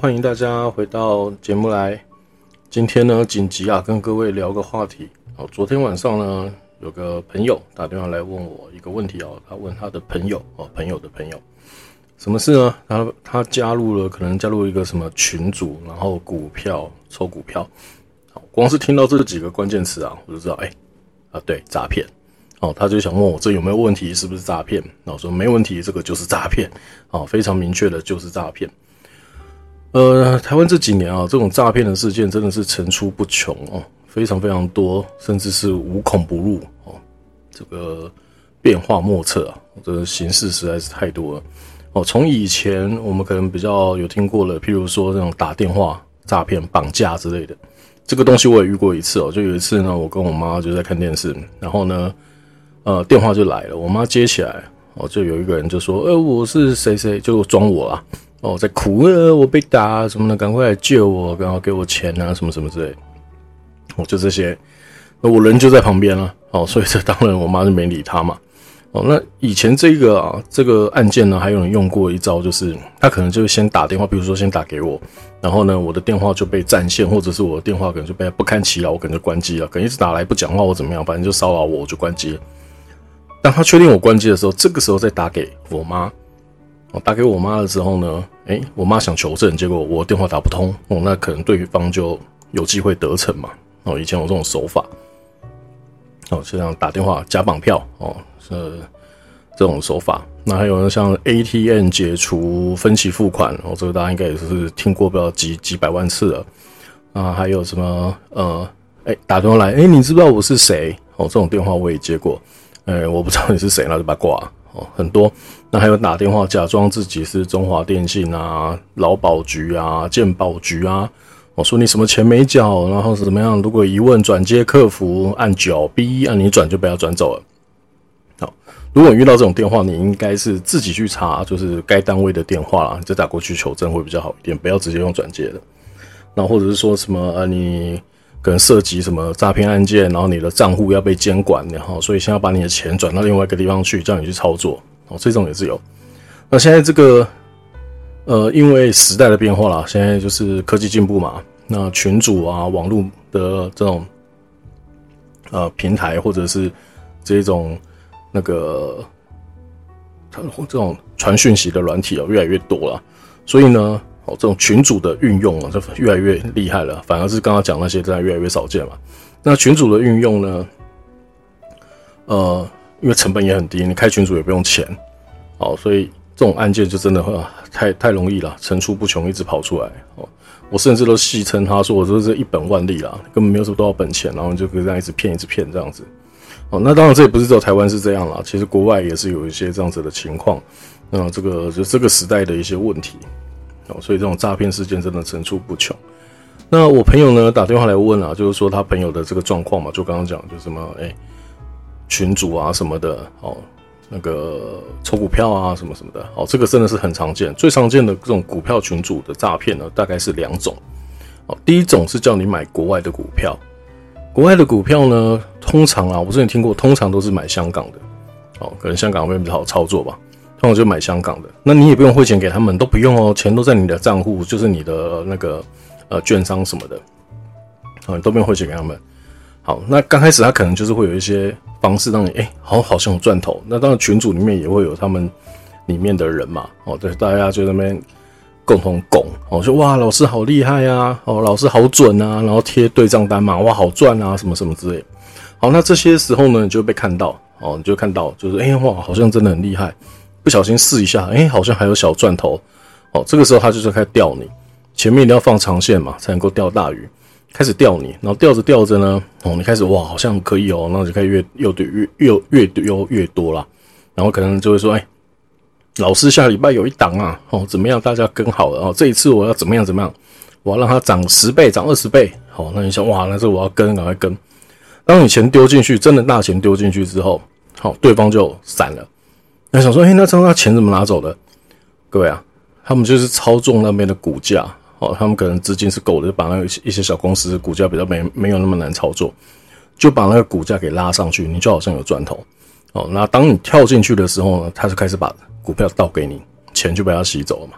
歡迎大家回到節目來。今天呢，緊急啊，跟各位聊個話題。哦，昨天晚上呢，有個朋友打電話來問我一個問題哦，啊，他問他的朋友哦，朋友的朋友，什麼事呢？他他加入了，可能加入一個什麼群組，然後股票抽股票。好，光是聽到這幾個關鍵詞啊，我就知道，哎，啊，對，詐騙。哦，他就想問我這有沒有問題，是不是詐騙？那我說沒問題，這個就是詐騙。啊，非常明確的就是詐騙。呃，台灣這幾年啊，這種詐騙的事件真的是層出不窮哦，非常非常多，甚至是無孔不入哦。這個變化莫測啊，這個形式實在是太多了哦。從以前我們可能比較有聽過的，譬如說那種打電話詐騙、綁架之類的這個東西，我也遇過一次哦。就有一次呢，我跟我媽就在看電視，然後呢，呃，電話就來了，我媽接起來，哦，就有一個人就說：“呃、欸，我是誰誰，就裝我啦。”哦，在哭，我被打什麼的，趕快來救我，趕快給我錢啊，什麼什麼之類，我、哦、就這些。那我人就在旁邊了，哦，所以這當然我媽就沒理他嘛。哦，那以前這個啊，這個案件呢，還有人用過一招，就是他可能就先打電話，比如說先打給我，然後呢，我的電話就被佔線，或者是我的電話可能就被不堪其擾，我可能就關機了，可能一直打來不講話或怎麼樣，反正就騷擾我，我就關機了。當他確定我關機的時候，這個時候再打給我媽。我打給我媽的時候呢，哎，我媽想求證，結果我電話打不通哦，那可能對方就有機會得逞嘛。哦，以前有這種手法，哦，就像打電話假綁票哦，是這種手法。那還有像 ATM 解除分期付款，哦，這個大家應該也是聽過不知道幾幾百萬次了。啊，還有什麼呃，哎，打電話來，哎，你知不知道我是誰？哦，這種電話我也接過，哎，我不知道你是誰，那就把它掛。哦，很多。那還有打電話假裝自己是中華電信啊、勞保局啊、健保局啊，我、哦、說你什麼錢沒繳，然後是怎麼樣？如果疑問轉接客服按九 B，按你轉就不要轉走了。好，如果你遇到這種電話，你應該是自己去查，就是該單位的電話啦，再打過去求證會比較好一點，不要直接用轉接的。那或者是說什麼呃，你可能涉及什麼詐騙案件，然後你的賬戶要被監管，然後所以先要把你的錢轉到另外一個地方去，叫你去操作。哦，所以這種也是有。那現在這個，呃，因為時代的變化了，現在就是科技進步嘛。那群組啊，網絡的這種呃平台，或者是這種那個這種傳訊息的軟體啊，越來越多了。所以呢，哦，這種群組的運用啊，就越來越厲害了。反而是剛剛講那些，真的越來越少見了。那群組的運用呢，呃。因為成本也很低，你開群組也不用錢，好，所以這種案件就真的、啊、太太容易了，層出不窮，一直跑出來。哦，我甚至都戲稱他說：“我說這一本萬利啦，根本沒有什麼多少本錢，然後你就可以這樣一直騙，一直騙這樣子。”哦，那當然，這也不是只有台灣是這樣了，其實國外也是有一些這樣子的情況。那、嗯、這個就這個時代的一些問題，哦，所以這種詐騙事件真的層出不窮。那我朋友呢打電話來問啊，就是說他朋友的這個狀況嘛，就剛剛講就是什麼哎。欸群主啊什麼的哦，那個抽股票啊什麼什麼的哦，這個真的是很常見。最常見的這種股票群組的詐騙呢，大概是兩種哦。第一種是叫你買國外的股票，國外的股票呢，通常啊，我之前聽過，通常都是買香港的哦，可能香港會比較好操作吧，通常就買香港的。那你也不用匯錢給他們，都不用哦，錢都在你的賬戶，就是你的那個呃券商什麼的啊，哦、都不用匯錢給他們。好，那剛開始他可能就是會有一些方式讓你哎、欸，好好像有賺頭。那當然群組裡面也會有他們裡面的人嘛，哦，對，大家就在那邊共同拱。哦，說哇，老師好厲害呀，啊，哦，老師好準啊，然後貼對賬單嘛，哇，好賺啊，什麼什麼之類。好，那這些時候呢，你就會被看到，哦，你就會看到就是哎，欸，哇，好像真的很厲害。不小心試一下，哎、欸，好像還有小賺頭。哦，這個時候他就是開始釣你，前面一定要放長線嘛，才能夠釣大魚。開始釣你，然後釣着釣着呢，哦、喔，你開始哇，好像可以哦、喔，那就開始越又越越越又越，越，越多啦。然後可能就會說，哎、欸，老師下禮拜有一檔啊，哦、喔，怎麼樣大家跟好了，哦、喔，這一次我要怎麼樣怎麼樣，我要讓它漲十倍，漲二十倍，好、喔，那你想，哇，那這我要跟，趕快跟，當你錢丟進去，真的大錢丟進去之後，好、喔，對方就散了，那想說，誒、欸，那這樣那錢怎麼拿走的？各位啊，他們就是操縱那邊的股價。哦，他們可能資金是夠的，就把那一些小公司股價比較沒沒有那麼難操作，就把那個股價給拉上去，你就好像有賺頭。哦，那當你跳進去的時候呢，他就開始把股票倒給你，錢就被他吸走了嘛，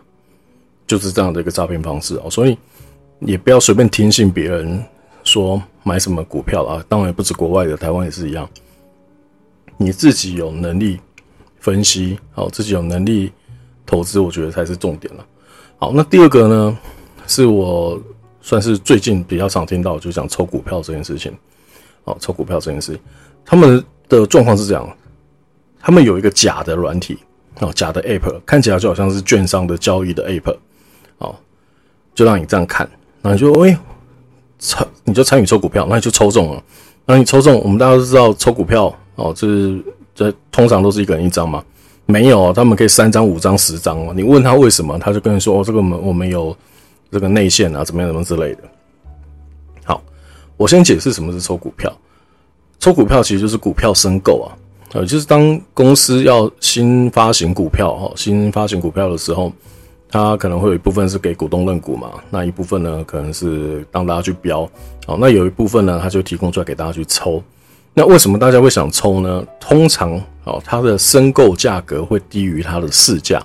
就是這樣的一個詐騙方式哦。所以也不要隨便聽信別人說買什麼股票啊，當然也不止國外的，台灣也是一樣。你自己有能力分析，好、哦，自己有能力投資，我覺得才是重點了。好，那第二個呢？是我算是最近比較常聽到，就講抽股票這件事情。哦，抽股票這件事情，他們的狀況是這樣，他們有一個假的軟體，哦，假的 app，看起來就好像是券商的交易的 app，哦，就讓你這樣看，那你就哎，參、欸，你就參與抽股票，那你就抽中了，那你抽中，我們大家都知道，抽股票哦，這、就、這、是、通常都是一個人一張嘛，沒有，他們可以三張、五張、十張哦。你問他為什麼，他就跟你說，哦，這個門我們我有。這個內線啊，怎麼樣？怎麼之類的？好，我先解釋什麼是抽股票。抽股票其實就是股票申購啊，呃，就是當公司要新發行股票哈，新發行股票的時候，它可能會有一部分是給股東認股嘛，那一部分呢，可能是當大家去標。好，那有一部分呢，它就提供出來給大家去抽。那為什麼大家會想抽呢？通常啊，它的申購價格會低於它的市價。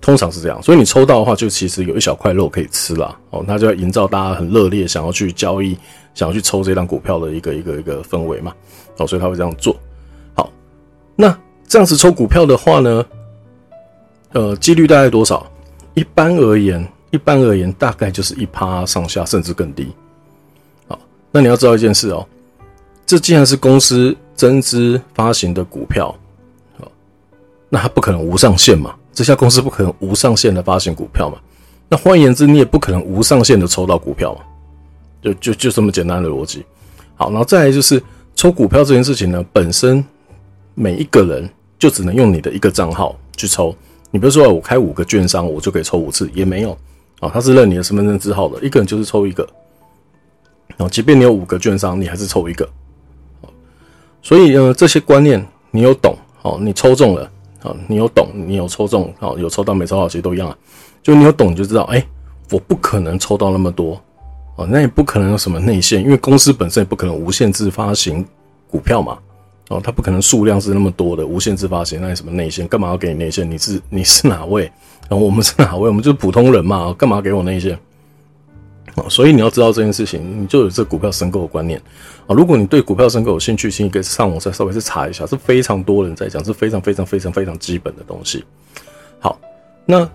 通常是這樣，所以你抽到的話，就其實有一小塊肉可以吃了哦。那就要營造大家很熱烈，想要去交易、想要去抽這張股票的一個一個一個氛圍嘛。哦，所以他會這樣做。好，那這樣子抽股票的話呢，呃，幾率大概多少？一般而言，一般而言，大概就是一趴上下，甚至更低。好，那你要知道一件事哦，這既然是公司增資發行的股票，好，那它不可能無上限嘛。這家公司不可能無上限的發行股票嘛。那換言之，你也不可能無上限的抽到股票嘛，就就就這麼簡單的邏輯。好，然後再來就是抽股票這件事情呢，本身每一個人就只能用你的一個賬號去抽。你比如說，我開五個券商，我就可以抽五次，也沒有啊，哦。他是認你的身份證字號的，一個人就是抽一個。哦，即便你有五個券商，你還是抽一個。所以，呃，這些觀念你有懂。好，哦，你抽中了。好，你有懂，你有抽中，好，有抽到，沒抽到其實都一樣啊。就你有懂，你就知道，哎、欸，我不可能抽到那麼多，哦，那也不可能有什麼內線，因為公司本身也不可能無限制發行股票嘛，哦，它不可能數量是那麼多的，無限制發行，那什麼內線，幹嘛要給你內線？你是你是哪位、哦？我們是哪位？我們就是普通人嘛，幹嘛給我內線？哦、所以你要知道這件事情，你就有這股票申購的觀念啊、哦。如果你對股票申購有興趣，你可以上網再稍微去查一下，是非常多人在講，是非常非常非常非常基本的東西。好，那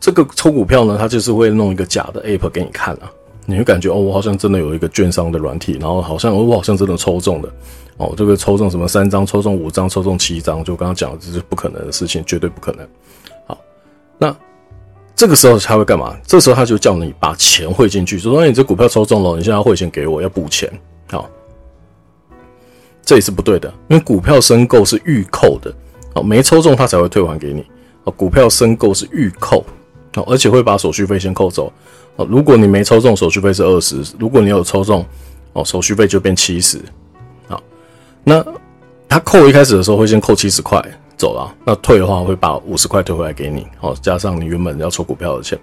這個抽股票呢，它就是會弄一個假的 app 給你看啊，你會感覺哦，我好像真的有一個券商的軟體，然後好像、哦、我好像真的抽中了哦，這個抽中什麼三張，抽中五張，抽中七張，就剛剛講的，這是不可能的事情，絕對不可能。好，那。這個時候他會幹嘛？這時候他就叫你把錢匯進去，說：“那、哎、你這股票抽中了，你現在要匯錢給我，要補錢。”好，這也是不對的，因為股票申購是預扣的，好、哦，沒抽中他才會退還給你。哦，股票申購是預扣，哦，而且會把手續費先扣走。哦，如果你沒抽中，手續費是二十；如果你有抽中，哦，手續費就變七十。好，那他扣一開始的時候會先扣七十塊。走了，那退的話會把五十塊退回來給你，好，加上你原本要抽股票的錢，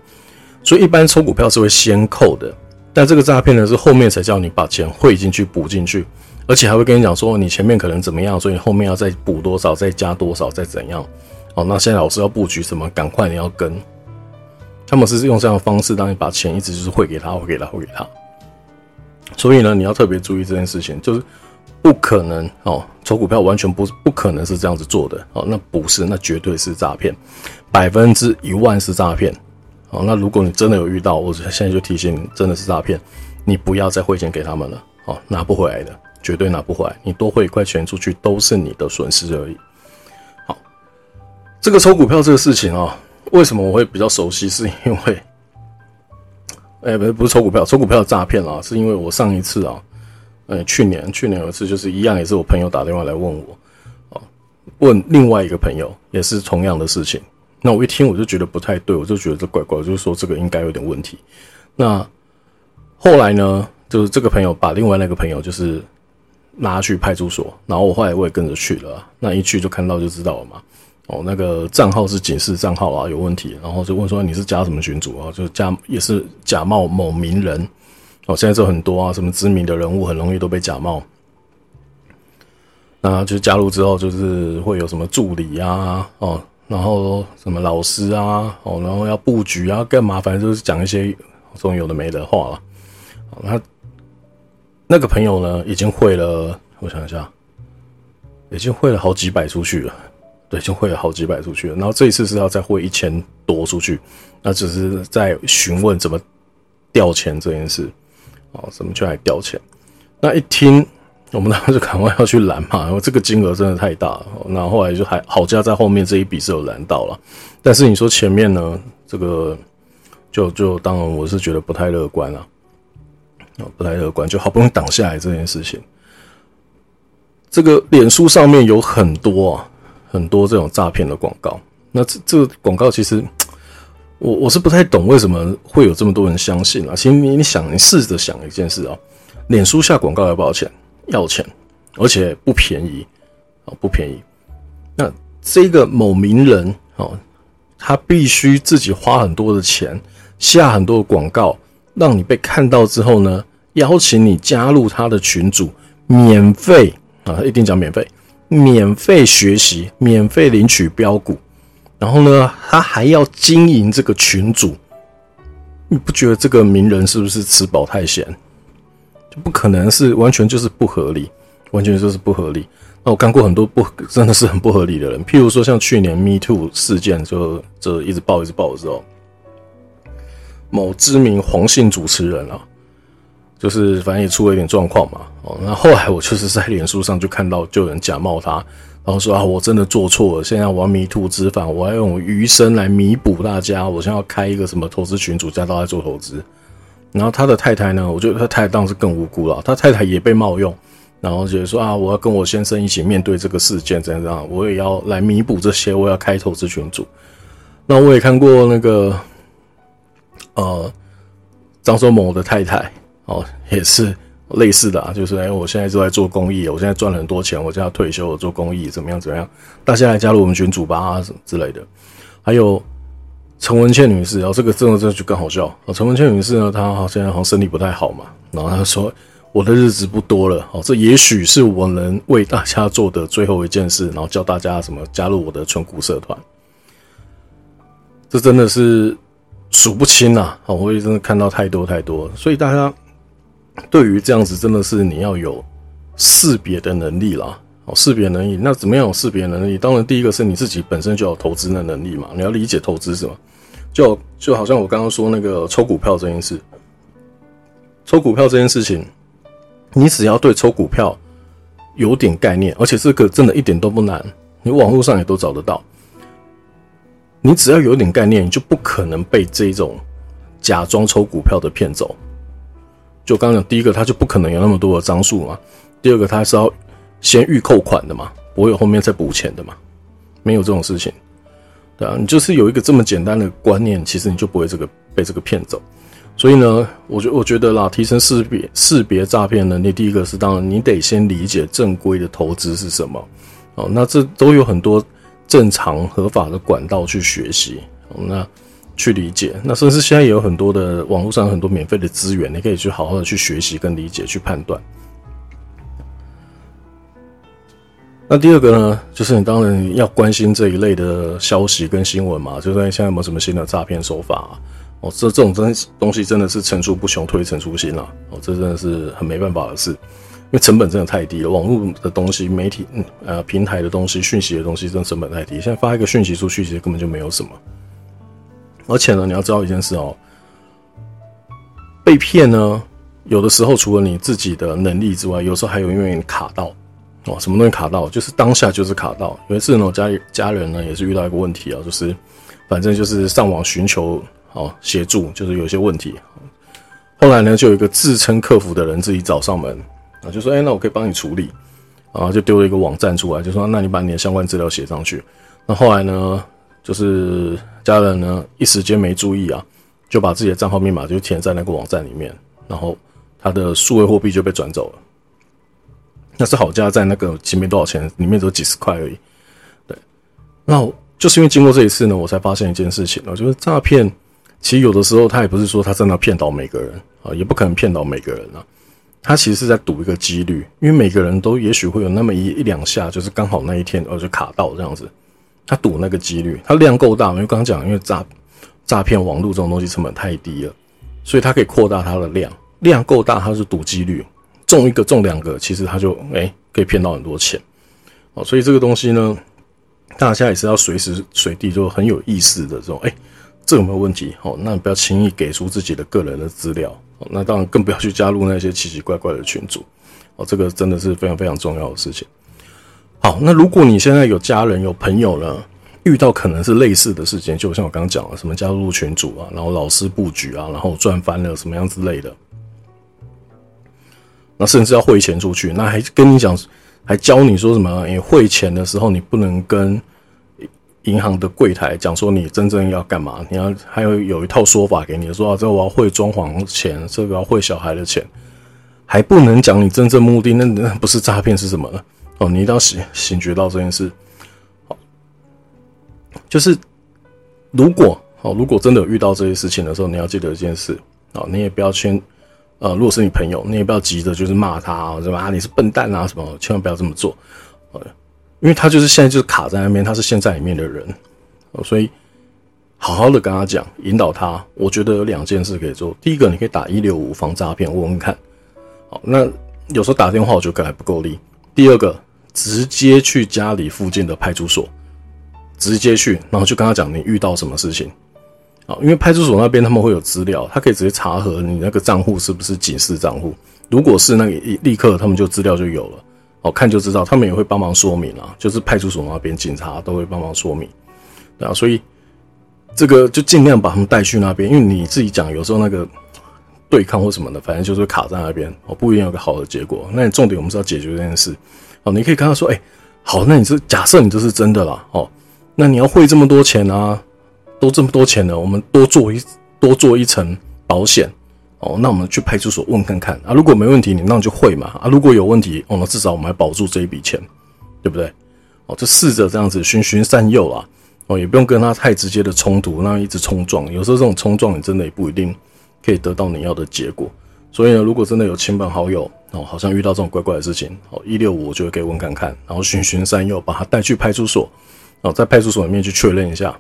所以一般抽股票是會先扣的，但這個詐騙呢，是後面才叫你把錢匯進去補進去，而且還會跟你講說你前面可能怎麼樣，所以你後面要再補多少，再加多少，再怎樣，哦，那現在老師要布局什麼，趕快你要跟，他們是用這樣的方式讓你把錢一直就是匯給他，匯給他，匯給他，所以呢，你要特別注意這件事情，就是。不可能哦，抽股票完全不不可能是這樣子做的哦，那不是，那絕對是詐騙，百分之一萬是詐騙哦。那如果你真的有遇到，我現在就提醒你，真的是詐騙，你不要再匯錢給他們了哦，拿不回來的，絕對拿不回來。你多匯一塊錢出去，都是你的損失而已。好，這個抽股票這個事情啊，為什麼我會比較熟悉？是因為，哎、欸，不是不是抽股票，抽股票詐騙啊，是因為我上一次啊。呃、欸，去年去年有一次，就是一樣，也是我朋友打電話來問我、哦，問另外一個朋友，也是同樣的事情。那我一聽，我就覺得不太對，我就覺得這怪怪，我就是說這個應該有點問題。那後來呢，就是這個朋友把另外那個朋友就是拉去派出所，然後我後來我也跟着去了，那一去就看到就知道了嘛。哦，那個賬號是警示賬號啊，有問題，然後就問說你是加什麼群組啊？就加也是假冒某名人。哦，現在就很多啊，什麼知名的人物很容易都被假冒。那就加入之後，就是會有什麼助理啊，哦，然後什麼老師啊，哦，然後要布局啊，更麻煩就是講一些什麼有的沒的話了。那那個朋友呢，已經匯了，我想一下，已經匯了好幾百出去了，對，已經匯了好幾百出去了。然後這一次是要再匯一千多出去，那只是在詢問怎麼調錢這件事。哦，怎麼去還掉錢？那一聽，我們當時就趕快要去攔嘛，因為這個金額真的太大了。那後來就還好，加在後面這一筆是有攔到了，但是你說前面呢，這個就就當然我是覺得不太樂觀了，啊，不太樂觀就好不容易擋下來這件事情。這個臉書上面有很多啊，很多這種詐騙的廣告，那這這個廣告其實。我我是不太懂為什麼會有這麼多人相信啊？其實你想，你試着想一件事啊、喔，臉書下廣告要不要錢？要錢，而且不便宜啊，不便宜。那這個某名人哦、喔，他必須自己花很多的錢下很多的廣告，讓你被看到之後呢，邀請你加入他的群組，免費啊，一定講免費，免費學習，免費領取飆股。然後呢，他還要經營這個群組，你不覺得這個名人是不是吃飽太閒？就不可能是完全就是不合理，完全就是不合理。那我看過很多不真的是很不合理的人，譬如說像去年 Me Too 事件，就就一直爆一直爆，直爆的時候某知名黃姓主持人啊，就是反正也出了一點狀況嘛。哦，那後，後來我就是在臉書上就看到，就有人假冒他。然後說啊，我真的做錯了，現在我要迷途知返，我要用餘生來彌補大家。我現在要開一個什麼投資群組，大家都來做投資。然後他的太太呢，我覺得他太太當時更無辜了，他太太也被冒用，然後覺得說啊，我要跟我先生一起面對這個事件，這樣這樣，我也要來彌補這些，我要開投資群組。那我也看過那個，呃，張松謀的太太哦，也是。類似的啊，就是哎、欸，我現在都在做公益，我現在賺了很多錢，我就要退休，我做公益怎麼樣？怎麼樣？大家來加入我們群組吧、啊，什麼之類的。還有陳文茜女士，然、哦、後這個真的真的就更好笑啊！陳、哦、文茜女士呢，她好像好像身體不太好嘛，然後她說我的日子不多了，好、哦，這也許是我能為大家做的最後一件事，然後叫大家什麼加入我的存股社團。這真的是數不清吶、啊哦，我會真的看到太多太多，所以大家。對於這樣子，真的是你要有識別的能力啦，哦，識別能力，那怎麼樣有識別能力？當然，第一個是你自己本身就有投資的能力嘛。你要理解投資什麼，就就好像我剛剛說那個抽股票這件事，抽股票這件事情，你只要對抽股票有點概念，而且這個真的一點都不難，你網絡上也都找得到。你只要有點概念，你就不可能被這種假裝抽股票的騙走。就剛剛講，第一個他就不可能有那麼多的張數嘛。第二個他是要先預扣款的嘛，不會有後面再補錢的嘛，沒有這種事情。對啊，你就是有一個這麼簡單的觀念，其實你就不會這個被這個騙走。所以呢，我覺我覺得啦，提升識別識別詐騙能力，你第一個是當然你得先理解正規的投資是什麼哦。那這都有很多正常合法的管道去學習。那。去理解，那甚至現在也有很多的網絡上很多免費的資源，你可以去好好的去學習跟理解，去判斷。那第二個呢，就是你當然要關心這一類的消息跟新聞嘛，就在現在有沒有什麼新的詐騙手法啊？哦，這這種真東西真的是層出不窮，推陳出新了啊。哦，這真的是很沒辦法的事，因為成本真的太低了。網絡的東西、媒體、嗯、呃平台的東西、訊息的東西，真的成本太低，現在發一個訊息出去其實根本就沒有什麼。而且呢，你要知道一件事哦，被騙呢，有的時候除了你自己的能力之外，有時候還有因為你卡到哦，什麼東西卡到，就是當下就是卡到。有一次呢，我家裡家人呢也是遇到一個問題啊，就是反正就是上網尋求哦協助，就是有一些問題，後來呢就有一個自稱客服的人自己找上門啊，就說：“哎，那我可以幫你處理啊。”就丟了一個網站出來，就說：“那你把你的相關資料寫上去。”啊，那後來呢？就是家人呢，一時間沒注意啊，就把自己的賬號密碼就填在那個網站裡面，然後他的數位貨幣就被轉走了。那是好家在那個也沒多少錢，裡面只有幾十塊而已。對，那就是因為經過這一次呢，我才發現一件事情我、啊、就是詐騙，其實有的時候他也不是說他真的騙倒每個人啊，也不可能騙倒每個人啊，他其實是在賭一個幾率，因為每個人都也許會有那麼一一兩下，就是剛好那一天呃、啊、就卡到這樣子。他賭那個幾率，他量夠大，因為剛剛講，因為詐詐騙網絡這種東西成本太低了，所以他可以擴大他的量，量夠大，他是賭幾率，中一個中兩個，其實他就哎、欸、可以騙到很多錢，哦，所以這個東西呢，大家也是要隨時隨地就很有意識的這種，哎、欸，這有沒有問題？哦，那你不要輕易給出自己的個人的資料，哦，那當然更不要去加入那些奇奇怪怪的群組，哦，這個真的是非常非常重要的事情。好，那如果你現在有家人有朋友了，遇到可能是類似的事情，就像我剛剛講了，什麼加入群組啊，然後老師布局啊，然後賺翻了什麼樣之類的，那甚至要匯錢出去，那還跟你講，還教你說什麼？你匯錢的時候你不能跟銀行的櫃檯講說你真正要幹嘛，你要還有有一套說法給你說，啊，這個我要匯裝潢錢，這個要匯小孩的錢，還不能講你真正目的，那那不是詐騙是什麼呢？哦，你一定要醒醒覺到這件事。好，就是如果好、哦，如果真的遇到這些事情的時候，你要記得一件事。好、哦，你也不要先呃，如果是你朋友，你也不要急着就是罵他什麼啊，你是笨蛋啊什麼，千萬不要這麼做。呃、哦，因為他就是現在就是卡在那邊，他是現在裡面的人，哦、所以好好的跟他講，引導他。我覺得有兩件事可以做。第一個，你可以打165防詐騙問問看。好，那有時候打電話我覺得可能還不夠力。第二個，直接去家裡附近的派出所，直接去，然後就跟他講你遇到什麼事情，啊，因為派出所那邊他們會有資料，他可以直接查核你那個賬戶是不是警示賬戶，如果是，那個立刻他們就資料就有了，哦，看就知道，他們也會幫忙說明啊，就是派出所那邊警察都會幫忙說明，對啊，所以這個就盡量把他們帶去那邊，因為你自己講有時候那個。對抗或什麼的，反正就是卡在那邊哦，不一定有個好的結果。那你重點我們是要解決這件事哦。你可以跟他說，欸，好，那你是假設你這是真的啦。喔，那你要匯這麼多錢啊，都這麼多錢了，我們多做一多做一層保險喔。那我們去派出所問看看啊，如果沒問題，你那你就匯嘛啊。如果有問題，喔，那至少我們還保住這一筆錢，對不對？喔，就試着這樣子循循善誘啦哦，也不用跟他太直接的衝突，那一直衝撞，有時候這種衝撞你真的也不一定。可以得到你要的結果，所以呢，如果真的有親朋好友哦，好像遇到這種怪怪的事情，好，哦，一六五就可以問看看，然後循循善誘，把他帶去派出所，哦，在派出所裡面去確認一下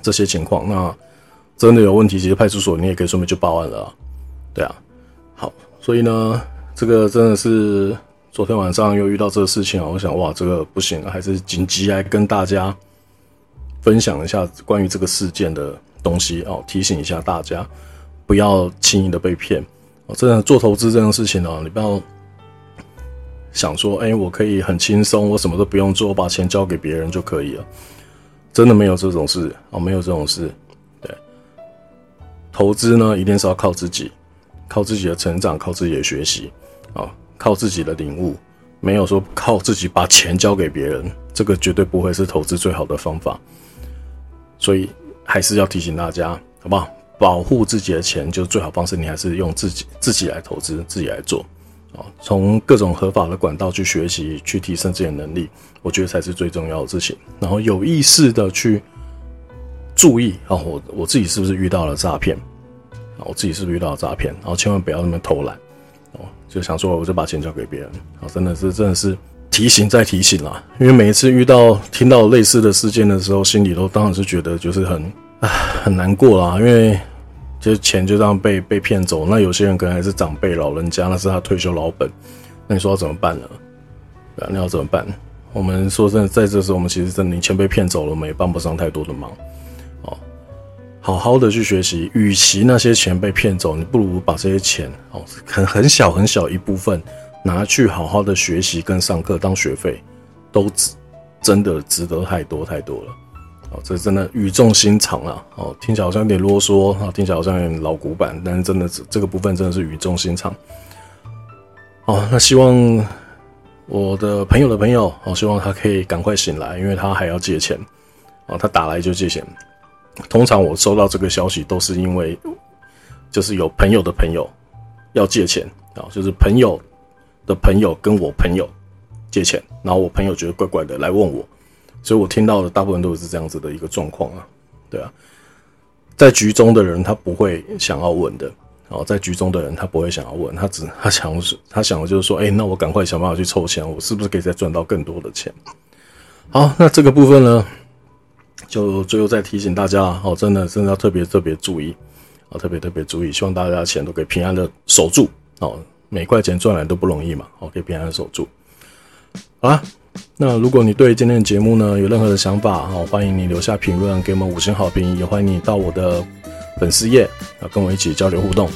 這些情況。那真的有問題，其實派出所你也可以順便去報案了啊。對啊，好，所以呢，這個真的是昨天晚上又遇到這個事情啊，我想哇，這個不行，還是緊急來跟大家分享一下關於這個事件的東西哦，提醒一下大家。不要輕易的被騙，啊。真的做投資這件事情呢，啊，你不要想說：“哎，欸，我可以很輕鬆，我什麼都不用做，我把錢交給別人就可以了。”真的沒有這種事啊，沒有這種事。對，投資呢，一定是要靠自己，靠自己的成長，靠自己的學習啊，靠自己的領悟。沒有說靠自己把錢交給別人，這個絕對不會是投資最好的方法。所以還是要提醒大家，好不好？保護自己的錢，就是最好方式。你還是用自己自己來投資，自己來做啊！從各種合法的管道去學習，去提升自己的能力，我覺得才是最重要的事情。然後有意識的去注意啊，我我自己是不是遇到了詐騙？啊，我自己是不是遇到了詐騙？然後千萬不要那麼偷懶哦！就想說我就把錢交給別人，真的是真的是提醒再提醒啦！因為每一次遇到聽到類似的事件的時候，心裡都當然是覺得就是很啊很難過啦，因為。就錢就這樣被被騙走，那有些人可能還是長輩老人家，那是他退休老本，那你說要怎麼辦呢？那、啊、要怎麼辦？我們說真的，在這時候，我們其實真的你錢被騙走了，我們也幫不上太多的忙。哦，好好的去學習，與其那些錢被騙走，你不如把這些錢哦，很很小很小一部分拿去好好的學習跟上課當學費，都值，真的值得太多太多了。哦，這真的語重心長啊，哦，聽起來好像有點囉嗦啊，聽起來好像有點老古板，但是真的，這這個部分真的是語重心長。哦，那希望我的朋友的朋友，哦，希望他可以趕快醒來，因為他還要借錢。哦，他打來就借錢。通常我收到這個消息，都是因為就是有朋友的朋友要借錢啊，就是朋友的朋友跟我朋友借錢，然後我朋友覺得怪怪的，來問我。所以我聽到的大部分都是這樣子的一個狀況啊，對啊，在局中的人他不會想要問的，在局中的人他不會想要問他只，他想是他想的就是說，誒、欸、那我趕快想辦法去抽錢，我是不是可以再賺到更多的錢？好，那這個部分呢，就最後再提醒大家啊，真的真的要特別特別注意啊，特別特別注意，希望大家錢都可以平安的守住，每塊錢賺來都不容易嘛，可以平安的守住，好啦。那如果你對今天的節目呢有任何的想法啊，歡迎你留下評論，給我們五星好評，也歡迎你到我的粉絲頁啊，跟我一起交流互動。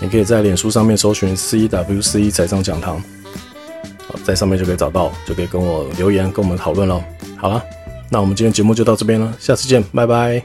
你可以在臉書上面搜尋 CWC 財商講堂，在上面就可以找到，就可以跟我留言，跟我們討論咯。好了，那我們今天的節目就到這邊了，下次見，拜拜。